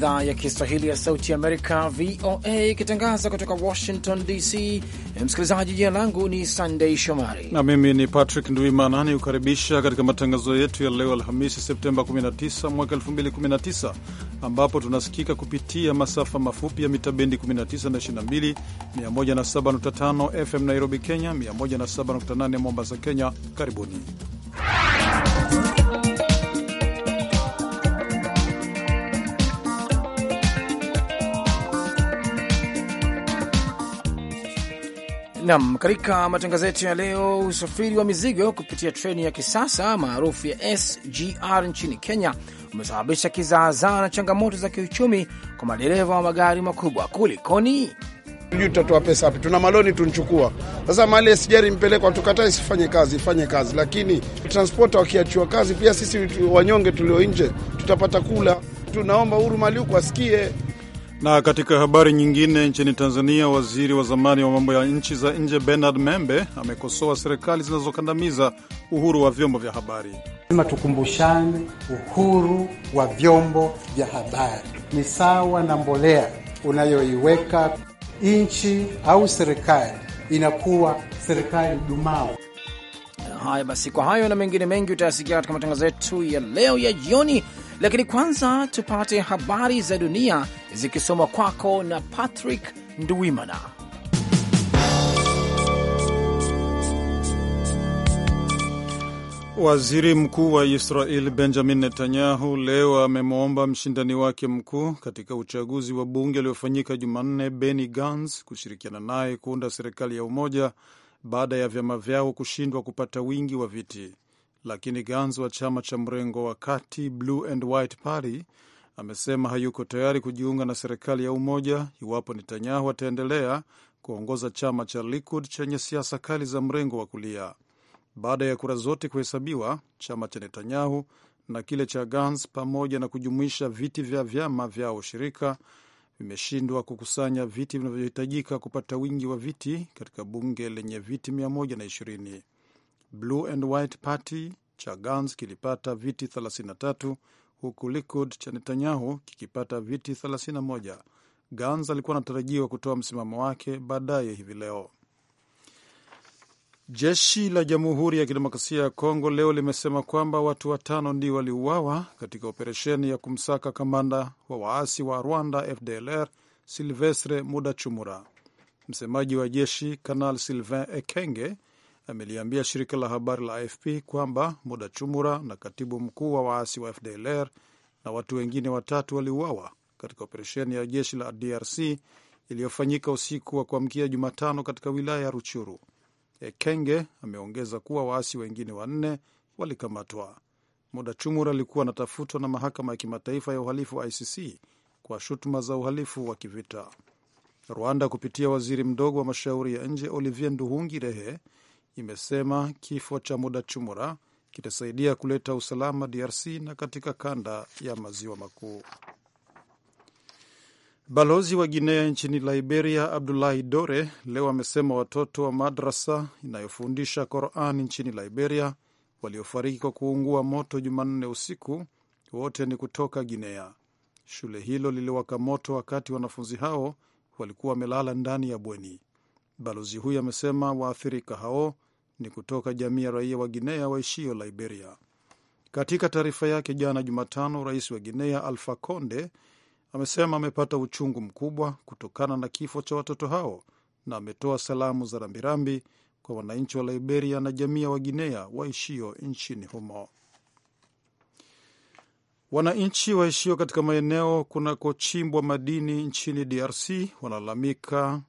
idhaa ya Kiswahili ya Sauti Amerika, VOA, ikitangaza kutoka Washington DC. Eh, msikilizaji, jina langu ni Sandei Shomari na mimi ni Patrick Nduimana, ni kukaribisha katika matangazo yetu ya leo Alhamisi, Septemba 19 mwaka 2019, ambapo tunasikika kupitia masafa mafupi ya mita bendi 19 na 22, 107.5 FM Nairobi, Kenya, 107.8 Mombasa, Kenya. Karibuni Nam, katika matangazo yetu ya leo, usafiri wa mizigo kupitia treni ya kisasa maarufu ya SGR nchini Kenya umesababisha kizaazaa na changamoto za kiuchumi kwa madereva wa magari makubwa. Kulikoni? Sijui tutatoa pesa hapi, tuna maloni tunchukua sasa. Mali SGR impelekwa, tukataa isifanye kazi, ifanye kazi, lakini transpota wakiachiwa kazi, pia sisi wanyonge tulio nje tutapata kula. Tunaomba huru Mali huku asikie na katika habari nyingine, nchini Tanzania, waziri wa zamani wa mambo ya nchi za nje Bernard Membe amekosoa serikali zinazokandamiza uhuru wa vyombo vya habari. Lazima tukumbushane, uhuru wa vyombo vya habari ni sawa na mbolea unayoiweka nchi au serikali, inakuwa serikali dumao. Haya basi, kwa hayo na mengine mengi utayasikia katika matangazo yetu ya leo ya jioni lakini kwanza tupate habari za dunia zikisomwa kwako na Patrick Nduwimana. Waziri mkuu wa Israel Benjamin Netanyahu leo amemwomba mshindani wake mkuu katika uchaguzi wa bunge uliofanyika Jumanne, Benny Gantz, kushirikiana naye kuunda serikali ya umoja baada ya vyama vyao kushindwa kupata wingi wa viti lakini gans wa chama cha mrengo wa kati Blue and White Party amesema hayuko tayari kujiunga na serikali ya umoja iwapo Netanyahu ataendelea kuongoza chama cha Likud chenye siasa kali za mrengo wa kulia. Baada ya kura zote kuhesabiwa, chama cha Netanyahu na kile cha Gans pamoja na kujumuisha viti vya vyama vya ushirika vimeshindwa kukusanya viti vinavyohitajika kupata wingi wa viti katika bunge lenye viti 120. Blue and White Party cha Gans kilipata viti 33 huku Likud cha Netanyahu kikipata viti 31. Gans alikuwa anatarajiwa kutoa msimamo wake baadaye hivi leo. Jeshi la Jamhuri ya Kidemokrasia ya Kongo leo limesema kwamba watu watano ndio waliuawa katika operesheni ya kumsaka kamanda wa waasi wa Rwanda FDLR Silvestre Mudachumura. Msemaji wa jeshi Kanal Sylvain Ekenge ameliambia shirika la habari la AFP kwamba Muda Chumura na katibu mkuu wa waasi wa FDLR na watu wengine watatu waliuawa katika operesheni ya jeshi la DRC iliyofanyika usiku wa kuamkia Jumatano katika wilaya ya Ruchuru. Ekenge ameongeza kuwa waasi wengine wanne walikamatwa. Muda Chumura alikuwa anatafutwa na mahakama ya kimataifa ya uhalifu wa ICC kwa shutuma za uhalifu wa kivita. Rwanda kupitia waziri mdogo wa mashauri ya nje Olivier Nduhungirehe imesema kifo cha Muda Chumura kitasaidia kuleta usalama DRC na katika kanda ya maziwa makuu. Balozi wa Guinea nchini Liberia, Abdulahi Dore, leo amesema watoto wa madrasa inayofundisha Qoran nchini Liberia waliofariki kwa kuungua moto Jumanne usiku wote ni kutoka Guinea. Shule hilo liliwaka moto wakati wanafunzi hao walikuwa wamelala ndani ya bweni. Balozi huyo amesema waathirika hao ni kutoka jamii ya raia wa Guinea waishio Liberia. Katika taarifa yake jana Jumatano, rais wa Guinea Alfa Conde amesema amepata uchungu mkubwa kutokana na kifo cha watoto hao na ametoa salamu za rambirambi kwa wananchi wa Liberia na jamii ya Waginea waishio nchini humo. Wananchi waishio katika maeneo kunakochimbwa madini nchini DRC wanalalamika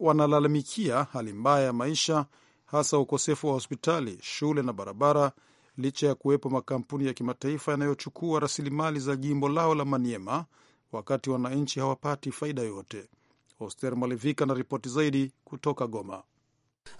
wanalalamikia hali mbaya ya maisha, hasa ukosefu wa hospitali, shule na barabara, licha ya kuwepo makampuni ya kimataifa yanayochukua rasilimali za jimbo lao la Maniema, wakati wananchi hawapati faida yoyote. Oster Malivika na ripoti zaidi kutoka Goma.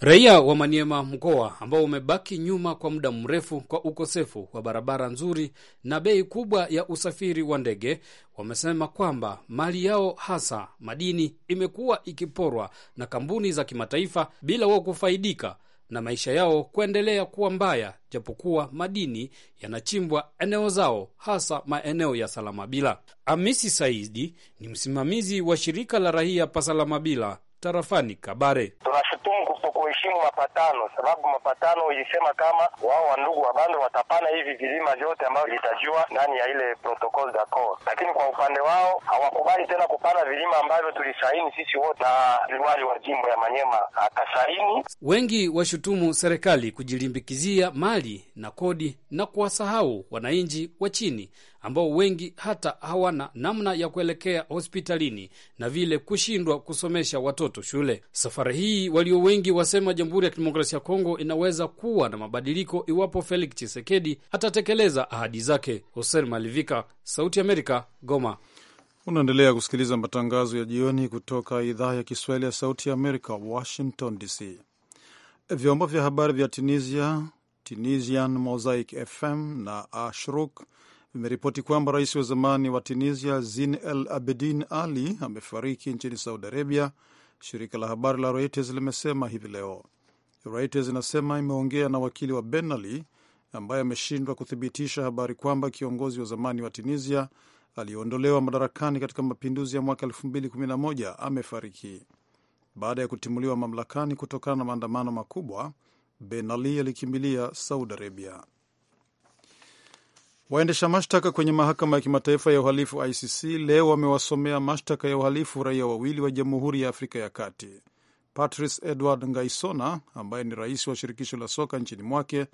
Raia wa Maniema mkoa ambao umebaki nyuma kwa muda mrefu kwa ukosefu wa barabara nzuri na bei kubwa ya usafiri wa ndege wamesema kwamba mali yao hasa madini imekuwa ikiporwa na kampuni za kimataifa bila wao kufaidika na maisha yao kuendelea kuwa mbaya, japokuwa madini yanachimbwa eneo zao, hasa maeneo ya Salamabila. Amisi Saidi ni msimamizi wa shirika la raia pa Salamabila tarafani Kabare. tunashutumu kuheshimu mapatano, sababu mapatano ilisema kama wao wandugu wa Bando watapana hivi vilima vyote ambavyo vitajua ndani ya ile protocol d'accord, lakini kwa upande wao hawakubali tena kupana vilima ambavyo tulisaini sisi wote, na liwali wa jimbo ya Manyema akasaini. Wengi washutumu serikali kujilimbikizia mali na kodi na kuwasahau wananchi wa chini ambao wengi hata hawana namna ya kuelekea hospitalini na vile kushindwa kusomesha watoto shule. Safari hii walio wengi wa amesema Jamhuri ya Kidemokrasia ya Kongo inaweza kuwa na mabadiliko iwapo Felix chisekedi atatekeleza ahadi zake. Hosen Malivika, Sauti Amerika, Goma. Unaendelea kusikiliza matangazo ya jioni kutoka idhaa ya Kiswahili ya Sauti ya Amerika, Washington DC. Vyombo vya habari vya Tunisia, Tunisian Mosaic FM na Ashruk vimeripoti kwamba rais wa zamani wa Tunisia zin El Abidine Ali amefariki nchini Saudi Arabia shirika la habari la Reuters limesema hivi leo. Reuters inasema imeongea na wakili wa benali ambaye ameshindwa kuthibitisha habari kwamba kiongozi wa zamani wa Tunisia aliyeondolewa madarakani katika mapinduzi ya mwaka 2011 amefariki baada ya kutimuliwa mamlakani kutokana na maandamano makubwa. benali alikimbilia Saudi Arabia. Waendesha mashtaka kwenye mahakama ya kimataifa ya uhalifu ICC leo wamewasomea mashtaka ya uhalifu raia wawili wa Jamhuri ya Afrika ya Kati. Patrice Edward Ngaisona ambaye ni rais wa shirikisho la soka nchini mwake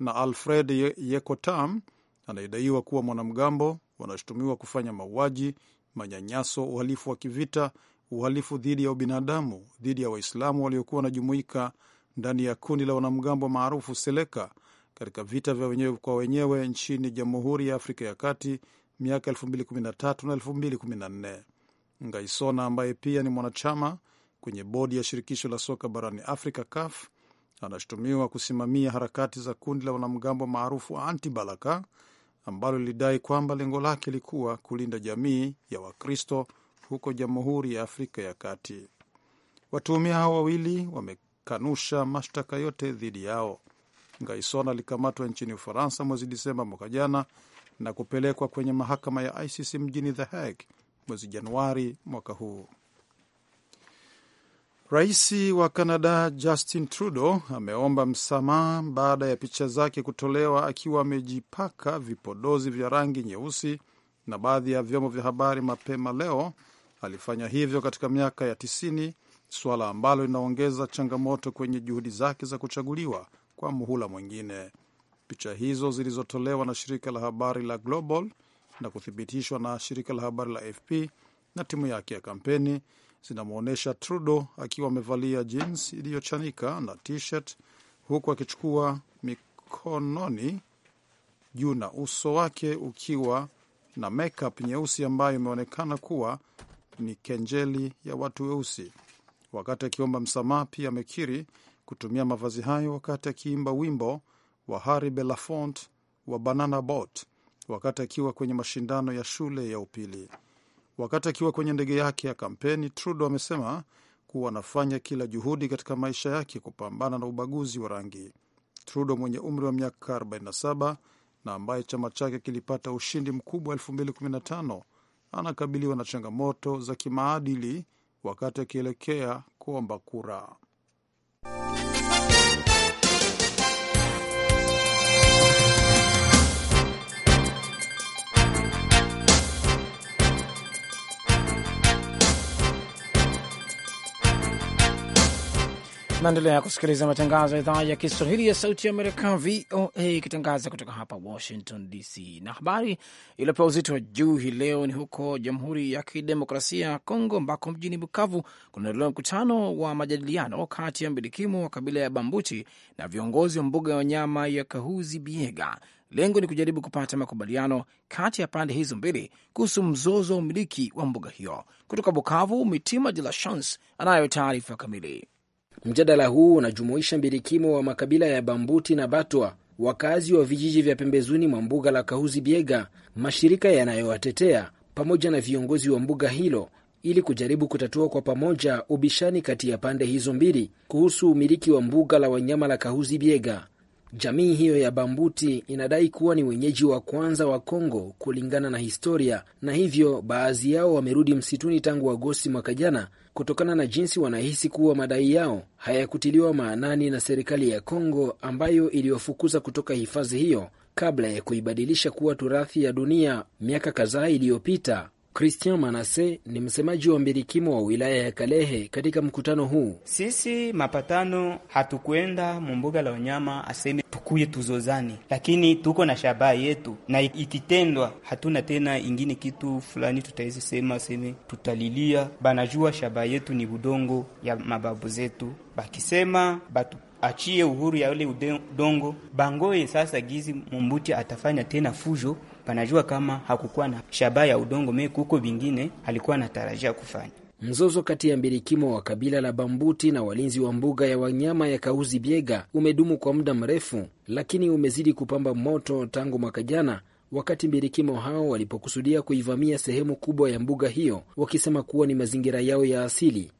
na Alfred Yekotam anayedaiwa kuwa mwanamgambo, wanashutumiwa kufanya mauaji, manyanyaso, uhalifu wa kivita, uhalifu dhidi ya ubinadamu dhidi ya Waislamu waliokuwa wanajumuika ndani ya kundi la wanamgambo maarufu Seleka katika vita vya wenyewe kwa wenyewe nchini Jamhuri ya Afrika ya Kati miaka 2013 na 2014. Ngaisona ambaye pia ni mwanachama kwenye bodi ya shirikisho la soka barani Afrika, CAF, anashutumiwa kusimamia harakati za kundi la wanamgambo maarufu Anti Balaka ambalo lilidai kwamba lengo lake lilikuwa kulinda jamii ya Wakristo huko Jamhuri ya Afrika ya Kati. Watuhumiwa hao wawili wamekanusha mashtaka yote dhidi yao. Gaison alikamatwa nchini Ufaransa mwezi Disemba mwaka jana na kupelekwa kwenye mahakama ya ICC mjini The Hague mwezi Januari mwaka huu. Rais wa Kanada Justin Trudeau ameomba msamaha baada ya picha zake kutolewa akiwa amejipaka vipodozi vya rangi nyeusi na baadhi ya vyombo vya habari mapema leo. Alifanya hivyo katika miaka ya tisini, suala ambalo linaongeza changamoto kwenye juhudi zake za kuchaguliwa kwa muhula mwingine. Picha hizo zilizotolewa na shirika la habari la Global na kuthibitishwa na shirika la habari la AFP na timu yake ya kampeni zinamwonyesha Trudeau akiwa amevalia jeans iliyochanika na t-shirt huku akichukua mikononi juu na uso wake ukiwa na makeup nyeusi ambayo imeonekana kuwa ni kenjeli ya watu weusi. Wakati akiomba msamaha, pia amekiri kutumia mavazi hayo wakati akiimba wimbo wa Harry Belafonte wa Banana Boat wakati akiwa kwenye mashindano ya shule ya upili. Wakati akiwa kwenye ndege yake ya kampeni, Trudeau amesema kuwa anafanya kila juhudi katika maisha yake kupambana na ubaguzi wa rangi. Trudeau mwenye umri wa miaka 47 na ambaye chama chake kilipata ushindi mkubwa 2015 anakabiliwa na changamoto za kimaadili wakati akielekea kuomba kura. Bye. Naendelea kusikiliza matangazo ya idhaa ya Kiswahili ya Sauti ya Amerika, VOA, ikitangaza kutoka hapa Washington DC. Na habari iliyopewa uzito wa juu hii leo ni huko Jamhuri ya Kidemokrasia ya Kongo, ambako mjini Bukavu kunaendelea mkutano wa majadiliano kati ya mbilikimu wa kabila ya Bambuti na viongozi wa mbuga ya wanyama ya Kahuzi Biega. Lengo ni kujaribu kupata makubaliano kati ya pande hizo mbili kuhusu mzozo wa umiliki wa mbuga hiyo. Kutoka Bukavu, Mitima De La Chance anayo taarifa kamili. Mjadala huu unajumuisha mbirikimo wa makabila ya Bambuti na Batwa, wakazi wa vijiji vya pembezoni mwa mbuga la Kahuzi Biega, mashirika yanayowatetea pamoja na viongozi wa mbuga hilo ili kujaribu kutatua kwa pamoja ubishani kati ya pande hizo mbili kuhusu umiliki wa mbuga la wanyama la Kahuzi Biega. Jamii hiyo ya Bambuti inadai kuwa ni wenyeji wa kwanza wa Kongo kulingana na historia, na hivyo baadhi yao wamerudi msituni tangu Agosti mwaka jana kutokana na jinsi wanahisi kuwa madai yao hayakutiliwa maanani na serikali ya Kongo ambayo iliwafukuza kutoka hifadhi hiyo kabla ya kuibadilisha kuwa turathi ya dunia miaka kadhaa iliyopita. Christian Manase ni msemaji wa mbilikimo wa wilaya ya Kalehe. Katika mkutano huu, sisi mapatano hatukwenda mumbuga la wanyama aseme tukuye tuzozani, lakini tuko na shabaha yetu, na ikitendwa hatuna tena ingine kitu fulani tutaezisema sema aseme tutalilia. Banajua shabaha yetu ni budongo ya mababu zetu, bakisema batu achie uhuru ya ule udongo bangoye. Sasa gizi mumbuti atafanya tena fujo panajua kama hakukuwa na shabaha ya udongo meku huko vingine alikuwa anatarajia kufanya. Mzozo kati ya mbirikimo wa kabila la Bambuti na walinzi wa mbuga ya wanyama ya Kauzi Biega umedumu kwa muda mrefu, lakini umezidi kupamba moto tangu mwaka jana wakati mbirikimo hao walipokusudia kuivamia sehemu kubwa ya mbuga hiyo wakisema kuwa ni mazingira yao ya asili.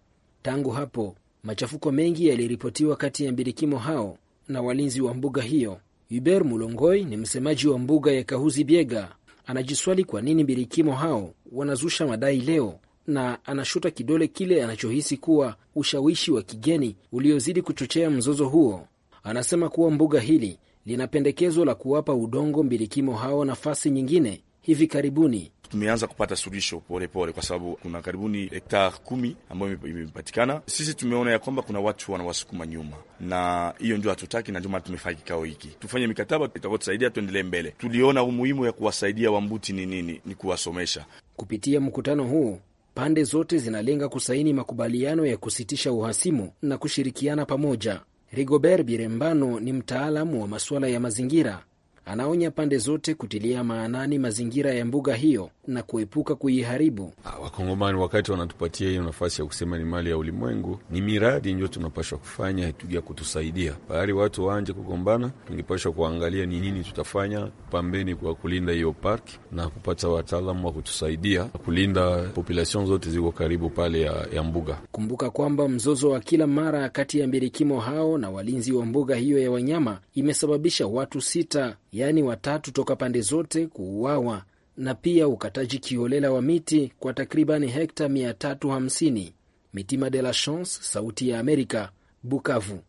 Tangu hapo machafuko mengi yaliripotiwa kati ya mbirikimo hao na walinzi wa mbuga hiyo. Hubert Mulongoi ni msemaji wa mbuga ya Kahuzi Biega. Anajiswali kwa nini birikimo hao wanazusha madai leo, na anashuta kidole kile anachohisi kuwa ushawishi wa kigeni uliozidi kuchochea mzozo huo. Anasema kuwa mbuga hili lina pendekezo la kuwapa udongo birikimo hao nafasi nyingine hivi karibuni, tumeanza kupata suluhisho polepole, kwa sababu kuna karibuni hektar kumi ambayo imepatikana. Sisi tumeona ya kwamba kuna watu wanawasukuma nyuma, na hiyo ndio hatutaki, na ndio maana tumefanya kikao hiki. Tufanye mikataba itakayotusaidia tuendelee mbele. Tuliona umuhimu ya kuwasaidia Wambuti ni nini, ni kuwasomesha. Kupitia mkutano huu pande zote zinalenga kusaini makubaliano ya kusitisha uhasimu na kushirikiana pamoja. Rigobert Birembano ni mtaalamu wa masuala ya mazingira Anaonya pande zote kutilia maanani mazingira ya mbuga hiyo na kuepuka kuiharibu. Ah, wakongomani wakati wanatupatia hiyo nafasi ya kusema ni mali ya ulimwengu, ni miradi ndio tunapashwa kufanya tuja kutusaidia. bayari watu waanje kugombana, tungepashwa kuangalia ni nini tutafanya pambeni kwa kulinda hiyo parki na kupata wataalamu wa kutusaidia kulinda populasion zote ziko karibu pale ya, ya mbuga. Kumbuka kwamba mzozo wa kila mara kati ya mbirikimo hao na walinzi wa mbuga hiyo ya wanyama imesababisha watu sita yaani watatu toka pande zote kuuawa na pia ukataji kiolela wa miti kwa takribani hekta 350. Mitima de la Chance, Sauti ya Amerika, Bukavu.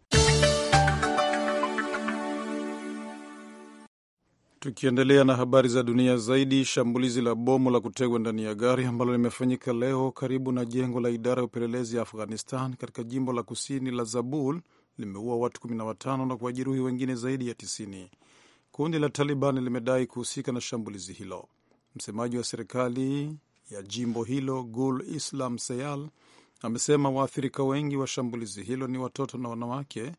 Tukiendelea na habari za dunia zaidi, shambulizi la bomu la kutegwa ndani ya gari ambalo limefanyika leo karibu na jengo la idara ya upelelezi ya Afghanistan katika jimbo la kusini la Zabul limeua watu 15 na kuwajeruhi wengine zaidi ya Kundi la Taliban limedai kuhusika na shambulizi hilo. Msemaji wa serikali ya jimbo hilo Gul Islam Seyal amesema waathirika wengi wa shambulizi hilo ni watoto na wanawake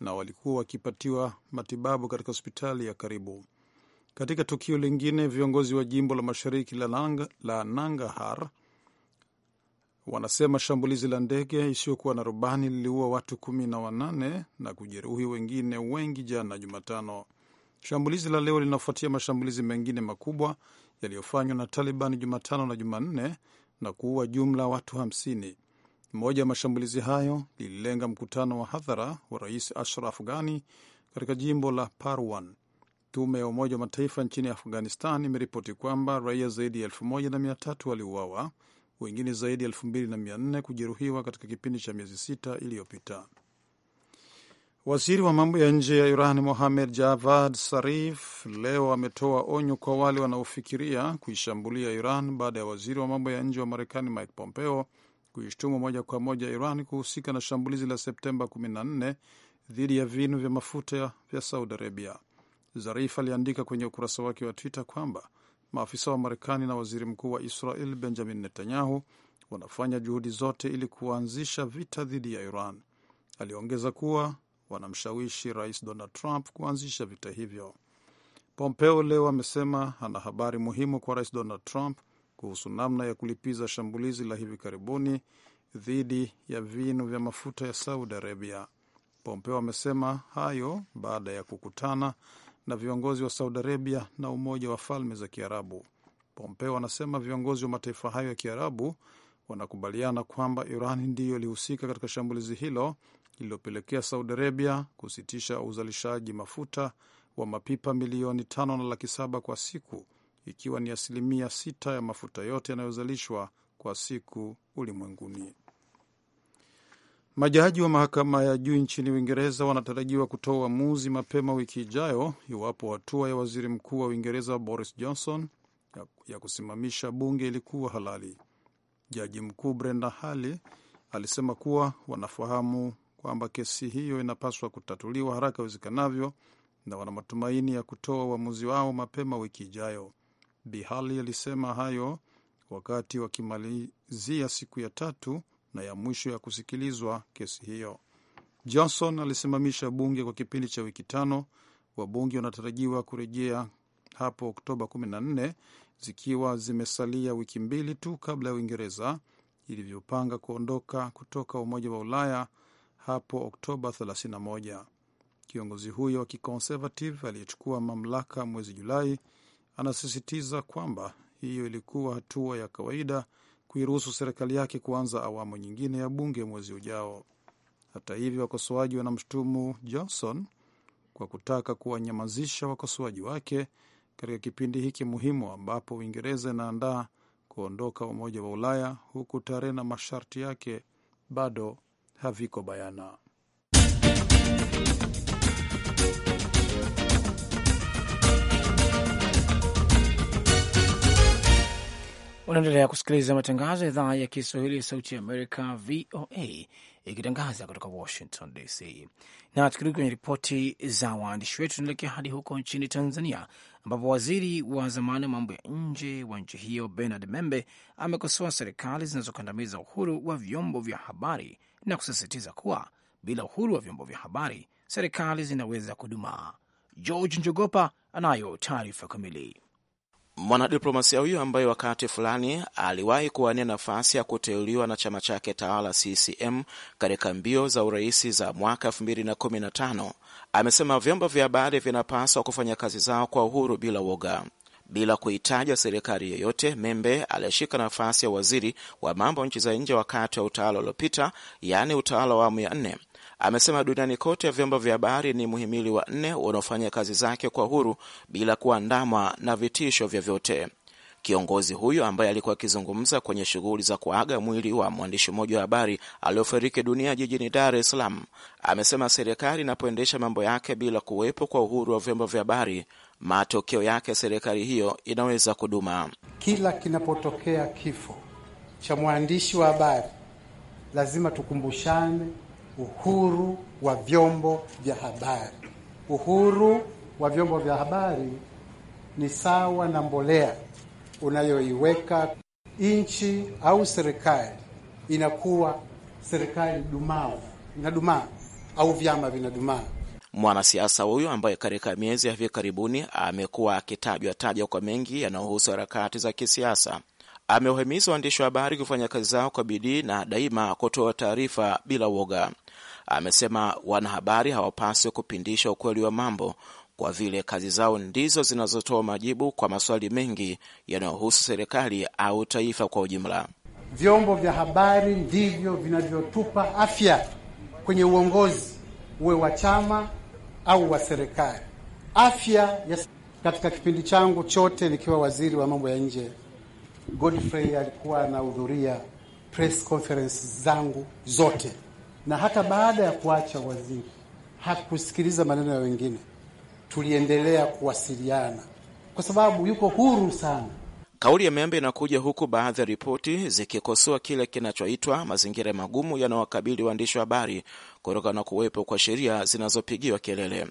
na walikuwa wakipatiwa matibabu katika hospitali ya karibu. Katika tukio lingine, viongozi wa jimbo la mashariki la, Nang la Nangahar wanasema shambulizi la ndege isiyokuwa na rubani liliua watu kumi na wanane na kujeruhi wengine wengi jana Jumatano. Shambulizi la leo linafuatia mashambulizi mengine makubwa yaliyofanywa na Taliban Jumatano na Jumanne na kuua jumla watu hamsini. Mmoja ya mashambulizi hayo lililenga mkutano wa hadhara wa Rais Ashraf Ghani katika jimbo la Parwan. Tume ya Umoja wa Mataifa nchini Afghanistan imeripoti kwamba raia zaidi ya elfu moja na mia tatu waliuawa, wengine zaidi ya elfu mbili na mia nne kujeruhiwa katika kipindi cha miezi sita iliyopita. Waziri wa mambo ya nje ya Iran Mohamed Javad Zarif leo ametoa onyo kwa wale wanaofikiria kuishambulia Iran baada ya waziri wa mambo ya nje wa Marekani Mike Pompeo kuishtumu moja kwa moja Iran kuhusika na shambulizi la Septemba 14 dhidi ya vinu vya mafuta vya Saudi Arabia. Zarif aliandika kwenye ukurasa wake wa Twitter kwamba maafisa wa Marekani na waziri mkuu wa Israel Benjamin Netanyahu wanafanya juhudi zote ili kuanzisha vita dhidi ya Iran. Aliongeza kuwa wanamshawishi Rais Donald Trump kuanzisha vita hivyo. Pompeo leo amesema ana habari muhimu kwa Rais Donald Trump kuhusu namna ya kulipiza shambulizi la hivi karibuni dhidi ya vinu vya mafuta ya Saudi Arabia. Pompeo amesema hayo baada ya kukutana na viongozi wa Saudi Arabia na Umoja wa Falme za Kiarabu. Pompeo anasema viongozi wa mataifa hayo ya Kiarabu wanakubaliana kwamba Iran ndiyo ilihusika katika shambulizi hilo lililopelekea Saudi Arabia kusitisha uzalishaji mafuta wa mapipa milioni tano na laki saba kwa siku ikiwa ni asilimia sita ya mafuta yote yanayozalishwa kwa siku ulimwenguni. Majaji wa mahakama ya juu nchini Uingereza wanatarajiwa kutoa uamuzi mapema wiki ijayo iwapo hatua ya waziri mkuu wa Uingereza Boris Johnson ya kusimamisha bunge ilikuwa halali. Jaji mkuu Brenda Hali alisema kuwa wanafahamu kwamba kesi hiyo inapaswa kutatuliwa haraka iwezekanavyo na wana matumaini ya kutoa uamuzi wao mapema wiki ijayo. Bihali alisema hayo wakati wakimalizia siku ya tatu na ya mwisho ya kusikilizwa kesi hiyo. Johnson alisimamisha bunge kwa kipindi cha wiki tano. Wabunge wanatarajiwa kurejea hapo Oktoba 14 zikiwa zimesalia wiki mbili tu kabla ya Uingereza ilivyopanga kuondoka kutoka Umoja wa Ulaya hapo Oktoba 31. Kiongozi huyo wa kiconservative aliyechukua mamlaka mwezi Julai anasisitiza kwamba hiyo ilikuwa hatua ya kawaida kuiruhusu serikali yake kuanza awamu nyingine ya bunge mwezi ujao. Hata hivyo, wakosoaji wanamshutumu Johnson kwa kutaka kuwanyamazisha wakosoaji wake katika kipindi hiki muhimu ambapo Uingereza inaandaa kuondoka Umoja wa Ulaya, huku tarehe na masharti yake bado haviko bayana. Unaendelea kusikiliza matangazo ya idhaa ya Kiswahili ya Sauti ya Amerika, VOA, ikitangaza kutoka Washington DC. Na tukirudi kwenye ripoti za waandishi wetu, tunaelekea hadi huko nchini Tanzania, ambapo waziri wa zamani wa mambo ya nje wa nchi hiyo Bernard Membe amekosoa serikali zinazokandamiza uhuru wa vyombo vya habari na kusisitiza kuwa bila uhuru wa vyombo vya habari serikali zinaweza kudumaa. George Njogopa anayo taarifa kamili. Mwanadiplomasia huyo ambaye wakati fulani aliwahi kuwania nafasi ya kuteuliwa na chama chake tawala CCM katika mbio za urais za mwaka 2015 amesema vyombo vya habari vinapaswa kufanya kazi zao kwa uhuru bila woga. Bila kuitaja serikali yoyote, Membe aliyeshika nafasi ya waziri wa mambo nchi za nje wakati wa utawala uliopita, yaani utawala wa awamu ya nne, Amesema duniani kote vyombo vya habari ni muhimili wa nne unaofanya kazi zake kwa huru bila kuandamwa na vitisho vyovyote. Kiongozi huyo ambaye alikuwa akizungumza kwenye shughuli za kuaga mwili wa mwandishi mmoja wa habari aliyofariki dunia jijini Dar es Salaam amesema serikali inapoendesha mambo yake bila kuwepo kwa uhuru wa vyombo vya habari, matokeo yake serikali hiyo inaweza kuduma. Kila kinapotokea kifo cha mwandishi wa habari, lazima tukumbushane uhuru wa vyombo vya habari. Uhuru wa vyombo vya habari ni sawa na mbolea unayoiweka nchi au serikali, inakuwa serikali dumavu, inadumaa au vyama vinadumaa. Mwanasiasa huyo ambaye katika miezi ya hivi karibuni amekuwa akitajwa taja kwa mengi yanayohusu harakati za kisiasa, amewahimiza waandishi wa habari kufanya kazi zao kwa bidii na daima kutoa taarifa bila woga amesema wanahabari hawapaswi kupindisha ukweli wa mambo kwa vile kazi zao ndizo zinazotoa majibu kwa maswali mengi yanayohusu serikali au taifa kwa ujumla. Vyombo vya habari ndivyo vinavyotupa afya kwenye uongozi, uwe wa chama au wa serikali. Afya ya Katika kipindi changu chote nikiwa waziri wa mambo ya nje, Godfrey alikuwa anahudhuria press conference zangu zote na hata baada ya kuacha waziri hakusikiliza maneno ya wengine, tuliendelea kuwasiliana kwa sababu yuko huru sana. Kauli ya Membe inakuja huku baadhi ya ripoti zikikosoa kile kinachoitwa mazingira magumu yanayowakabili waandishi wa habari kutokana na kuwepo kwa sheria zinazopigiwa kelele.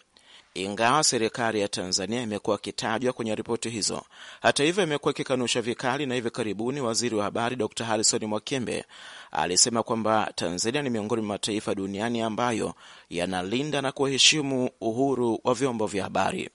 Ingawa serikali ya Tanzania imekuwa ikitajwa kwenye ripoti hizo, hata hivyo imekuwa ikikanusha vikali, na hivi karibuni waziri wa habari Dr Harison Mwakembe alisema kwamba Tanzania ni miongoni mwa mataifa duniani ambayo yanalinda na kuheshimu uhuru wa vyombo vya habari.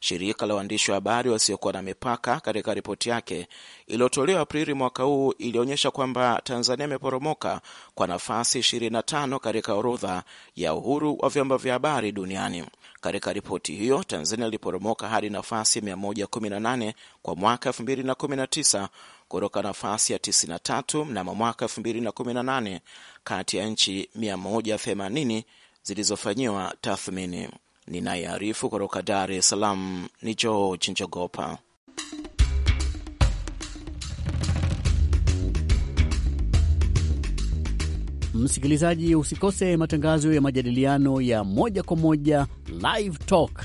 Shirika la waandishi wa habari wasiokuwa na mipaka katika ripoti yake iliyotolewa Aprili mwaka huu ilionyesha kwamba Tanzania imeporomoka kwa nafasi 25 katika orodha ya uhuru wa vyombo vya habari duniani. Katika ripoti hiyo, Tanzania iliporomoka hadi nafasi 118 kwa mwaka 2019 kutoka nafasi ya 93 mnamo mwaka 2018 kati ya nchi 180 zilizofanyiwa tathmini. Ninayearifu kutoka Dar es Salaam ni George Njogopa. Msikilizaji, usikose matangazo ya majadiliano ya moja kwa moja Live Talk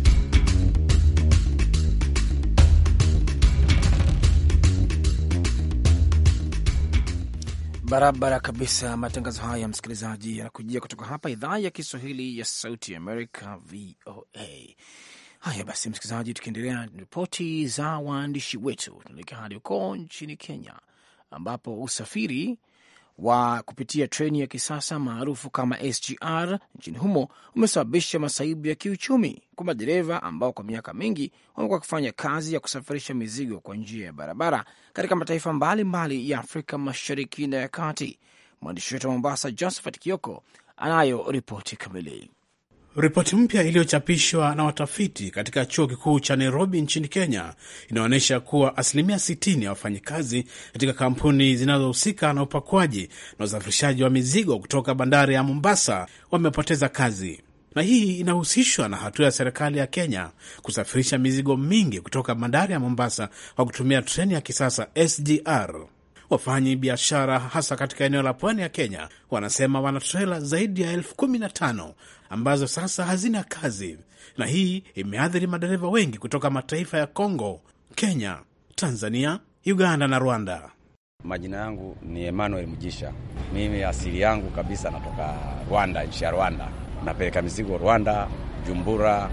Barabara kabisa. Matangazo haya msikilizaji, yanakujia kutoka hapa idhaa ya Kiswahili ya Sauti Amerika, VOA. Haya basi, msikilizaji, tukiendelea ripoti za waandishi wetu, tunaelekea hadi huko nchini Kenya ambapo usafiri wa kupitia treni ya kisasa maarufu kama SGR nchini humo umesababisha masaibu ya kiuchumi kwa madereva ambao kwa miaka mingi wamekuwa wakifanya kazi ya kusafirisha mizigo kwa njia ya barabara katika mataifa mbalimbali mbali ya Afrika Mashariki na ya Kati. Mwandishi wetu wa Mombasa, Josephat Kioko, anayo ripoti kamili. Ripoti mpya iliyochapishwa na watafiti katika chuo kikuu cha Nairobi nchini Kenya inaonyesha kuwa asilimia 60 ya wafanyikazi katika kampuni zinazohusika na upakuaji na usafirishaji wa mizigo kutoka bandari ya Mombasa wamepoteza kazi, na hii inahusishwa na hatua ya serikali ya Kenya kusafirisha mizigo mingi kutoka bandari ya Mombasa kwa kutumia treni ya kisasa SGR. Wafanyi biashara hasa katika eneo la pwani ya Kenya wanasema wana trela zaidi ya elfu kumi na tano ambazo sasa hazina kazi, na hii imeathiri madereva wengi kutoka mataifa ya Kongo, Kenya, Tanzania, Uganda na Rwanda. Majina yangu ni Emmanuel Mjisha. Mimi asili yangu kabisa natoka Rwanda, nchi ya Rwanda. Napeleka mizigo Rwanda, Jumbura,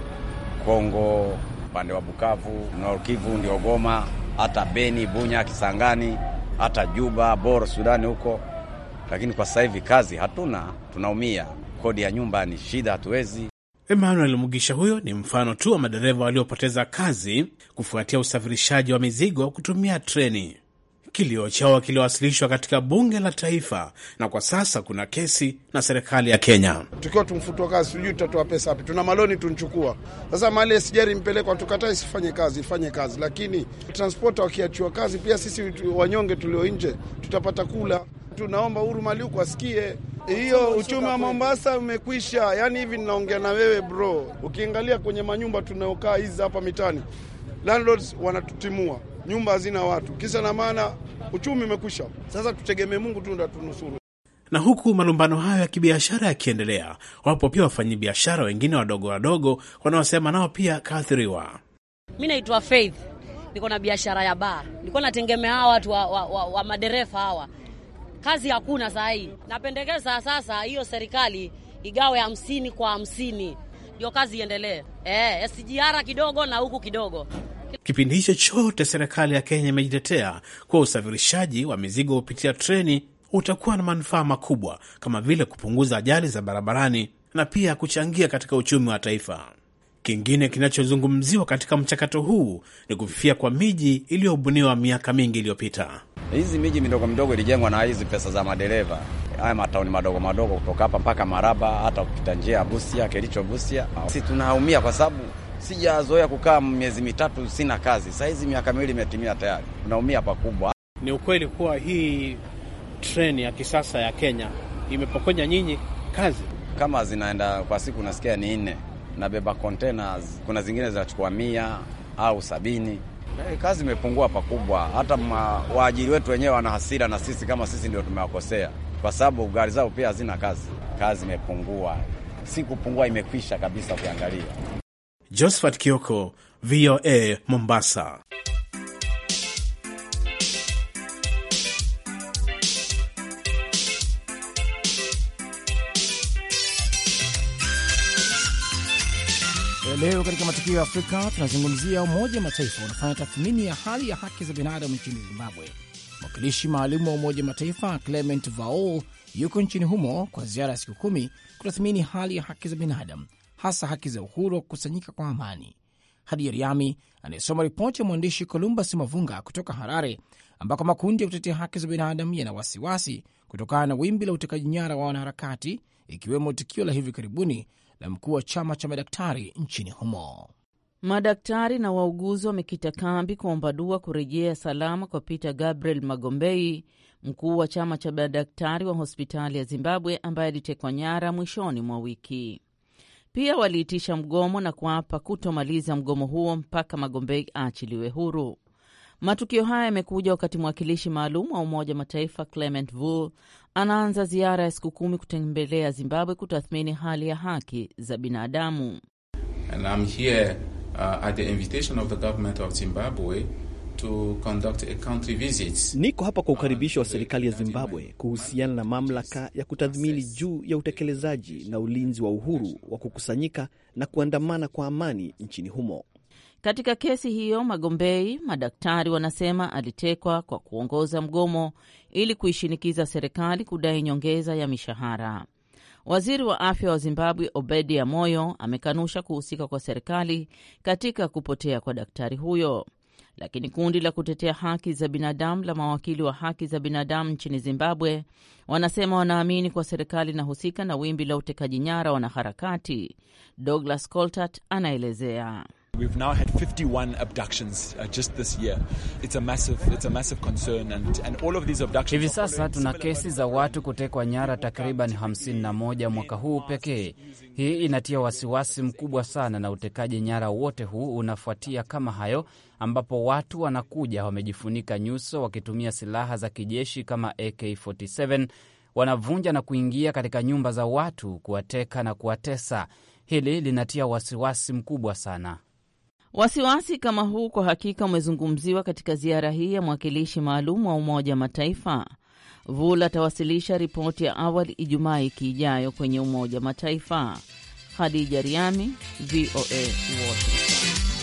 Kongo, upande wa Bukavu, Nord Kivu, ndio Goma, hata Beni, Bunya, Kisangani hata Juba, Bor, Sudani huko, lakini kwa sasa hivi kazi hatuna, tunaumia. Kodi ya nyumba ni shida, hatuwezi. Emmanuel Mugisha huyo ni mfano tu wa madereva waliopoteza kazi kufuatia usafirishaji wa mizigo kutumia treni. Kilio chao kiliwasilishwa katika bunge la taifa, na kwa sasa kuna kesi na serikali ya Kenya. Tukiwa tumfutwa kazi, sijui tutatoa pesa wapi? Tuna maloni tunchukua. Sasa mali sijari mpelekwa, tukataa sifanye kazi, ifanye kazi, lakini transporta wakiachiwa kazi, pia sisi wanyonge tulio nje tutapata kula. Tunaomba Uhuru Maliuku asikie hiyo uchumi wa Mombasa umekwisha. Yaani hivi ninaongea na wewe bro, ukiangalia kwenye manyumba tunayokaa hizi hapa mitaani landlords wanatutimua, nyumba hazina watu, kisa na maana uchumi umekwisha. Sasa tutegemee Mungu tu ndo atunusuru. Na huku malumbano hayo ya kibiashara yakiendelea, wapo pia wafanyabiashara wengine wadogo wadogo wanaosema nao pia kaathiriwa. Mi naitwa Faith, niko na biashara ya baa, nilikuwa nategemea hawa watu wa, wa, wa, wa madereva hawa, kazi hakuna saa hii. Napendekeza sasa hiyo serikali igawe hamsini kwa hamsini ndio kazi iendelee, Eh, SGR kidogo na huku kidogo Kipindi hicho chote serikali ya Kenya imejitetea kuwa usafirishaji wa mizigo kupitia treni utakuwa na manufaa makubwa kama vile kupunguza ajali za barabarani na pia kuchangia katika uchumi wa taifa. Kingine kinachozungumziwa katika mchakato huu ni kufifia kwa miji iliyobuniwa miaka mingi iliyopita. Hizi miji midogo midogo ilijengwa na hizi pesa za madereva, haya matauni madogo madogo, kutoka hapa mpaka Maraba, hata kupita njia ya Busia, Kericho, Busia. Sisi tunaumia kwa sababu sijazoea kukaa miezi mitatu sina kazi. Sahizi miaka miwili imetimia tayari, unaumia pakubwa. Ni ukweli kuwa hii treni ya kisasa ya Kenya imepokonya nyinyi kazi, kama zinaenda kwa siku nasikia ni nne, nabeba kontena, kuna zingine zinachukua mia au sabini. Eh, kazi imepungua pakubwa, hata waajiri wetu wenyewe wana hasira na sisi, kama sisi ndio tumewakosea, kwa sababu gari zao pia hazina kazi. Kazi imepungua, si kupungua, imekwisha kabisa ukiangalia. Josephat Kioko, VOA Mombasa. Eh, leo katika matukio ya Afrika tunazungumzia Umoja wa Mataifa unafanya tathmini ya hali ya haki za binadamu nchini Zimbabwe. Mwakilishi maalum wa Umoja Mataifa Clement Vaol yuko nchini humo kwa ziara ya siku kumi kutathmini hali ya haki za binadamu hasa haki za uhuru wa kukusanyika kwa amani. Hadi Ariami anayesoma ripoti ya mwandishi Columbus Mavunga kutoka Harare, ambako makundi ya kutetea haki za binadamu yana wasiwasi kutokana na wimbi la utekaji nyara wa wanaharakati, ikiwemo tukio la hivi karibuni la mkuu wa chama cha madaktari nchini humo. Madaktari na wauguzi wamekita kambi kuomba dua kurejea salama kwa Peter Gabriel Magombei, mkuu wa chama cha madaktari wa hospitali ya Zimbabwe ambaye alitekwa nyara mwishoni mwa wiki. Pia waliitisha mgomo na kuapa kutomaliza mgomo huo mpaka Magombei aachiliwe huru. Matukio haya yamekuja wakati mwakilishi maalum wa Umoja wa Mataifa Clement Vull anaanza ziara ya siku kumi kutembelea Zimbabwe kutathmini hali ya haki za binadamu. And I'm here, uh, at the invitation of the government of Zimbabwe to conduct a country visit. Niko hapa kwa ukaribisho wa uh, serikali ya Zimbabwe kuhusiana na mamlaka ya kutathmini juu ya utekelezaji na ulinzi wa uhuru wa kukusanyika na kuandamana kwa amani nchini humo. Katika kesi hiyo Magombei, madaktari wanasema alitekwa kwa kuongoza mgomo ili kuishinikiza serikali kudai nyongeza ya mishahara. Waziri wa afya wa Zimbabwe Obedi ya moyo amekanusha kuhusika kwa serikali katika kupotea kwa daktari huyo lakini kundi la kutetea haki za binadamu la mawakili wa haki za binadamu nchini Zimbabwe wanasema wanaamini kuwa serikali inahusika na wimbi la utekaji nyara wanaharakati. Douglas Coltart anaelezea. Hivi sasa tuna kesi za watu kutekwa nyara takriban 51 mwaka huu pekee. Hii inatia wasiwasi mkubwa sana, na utekaji nyara wote huu unafuatia kama hayo ambapo watu wanakuja wamejifunika nyuso wakitumia silaha za kijeshi kama AK47, wanavunja na kuingia katika nyumba za watu kuwateka na kuwatesa. Hili linatia wasiwasi mkubwa sana. Wasiwasi kama huu kwa hakika umezungumziwa katika ziara hii ya mwakilishi maalum wa Umoja wa Mataifa. Vul atawasilisha ripoti ya awali Ijumaa wiki ijayo kwenye Umoja wa Mataifa. Khadija Riami, VOA, Washington.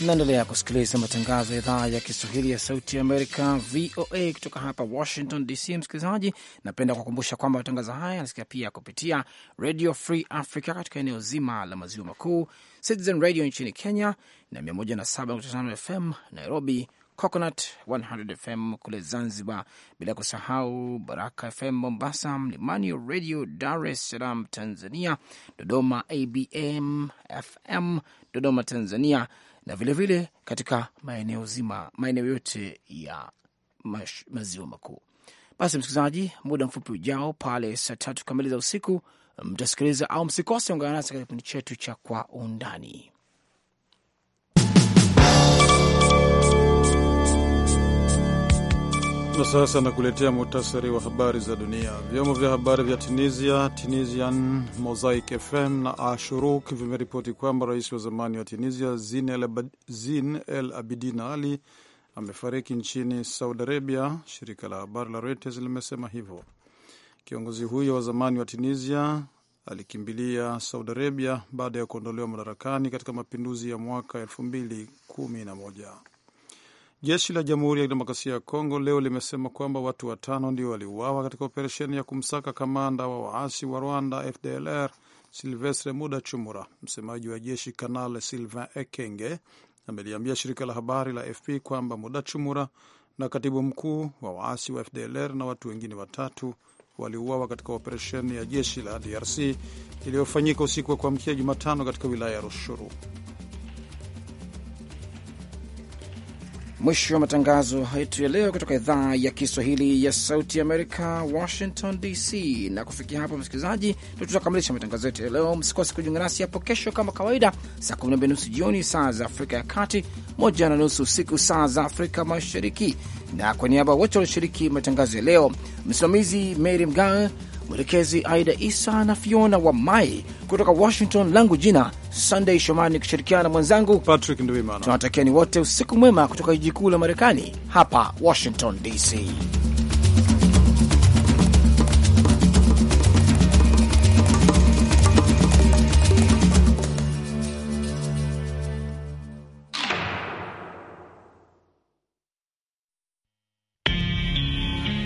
naendelea kusikiliza matangazo ya idhaa ya Kiswahili ya Sauti ya Amerika, VOA, kutoka hapa Washington DC. Msikilizaji, napenda kukumbusha kwamba matangazo haya yanasikia pia kupitia Radio Free Africa katika eneo zima la maziwa makuu, Citizen Radio nchini Kenya na 107.5 FM Nairobi, Coconut 100 FM kule Zanzibar, bila kusahau Baraka FM Mombasa, Mlimani Radio Dar es Salaam Tanzania, Dodoma ABM FM Dodoma Tanzania, na vilevile vile katika maeneo zima maeneo yote ya maziwa makuu. Basi msikilizaji, muda mfupi ujao pale saa tatu kamili za usiku mtasikiliza au msikose, ungana nasi katika kipindi chetu cha Kwa Undani. Na sasa nakuletea muhtasari wa habari za dunia. Vyombo vya habari vya Tunisia, Tunisian Mosaic FM na Ashuruk vimeripoti kwamba rais wa zamani wa Tunisia zin El Abidin Ali amefariki nchini Saudi Arabia. Shirika la habari la Reuters limesema hivyo. Kiongozi huyo wa zamani wa Tunisia alikimbilia Saudi Arabia baada ya kuondolewa madarakani katika mapinduzi ya mwaka 2011. Jeshi la Jamhuri ya Kidemokrasia ya Kongo leo limesema kwamba watu watano ndio waliuawa katika operesheni ya kumsaka kamanda wa waasi wa Rwanda FDLR Silvestre Mudachumura. Msemaji wa jeshi Kanal Sylvain Ekenge ameliambia shirika la habari la FP kwamba Mudachumura na katibu mkuu wa waasi wa FDLR na watu wengine watatu waliuawa katika operesheni ya jeshi la DRC iliyofanyika usiku wa kuamkia Jumatano katika wilaya ya Rushuru. Mwisho wa matangazo yetu ya leo kutoka idhaa ya Kiswahili ya Sauti Amerika, Washington DC. Na kufikia hapo, msikilizaji, ndo tutakamilisha matangazo yetu ya leo. Msikose kujiunga nasi hapo kesho kama kawaida, saa 12 nusu jioni saa za Afrika ya Kati, moja na nusu usiku saa za Afrika Mashariki. Na kwa niaba wote walioshiriki matangazo ya leo, msimamizi Mary Mgawe, mwelekezi Aida Isa na Fiona wa Mai kutoka Washington. Langu jina Sunday Shomani, kushirikiana na mwenzangu Patrick Ndwimana. Tunawatakieni wote usiku mwema kutoka jiji kuu la Marekani, hapa Washington DC.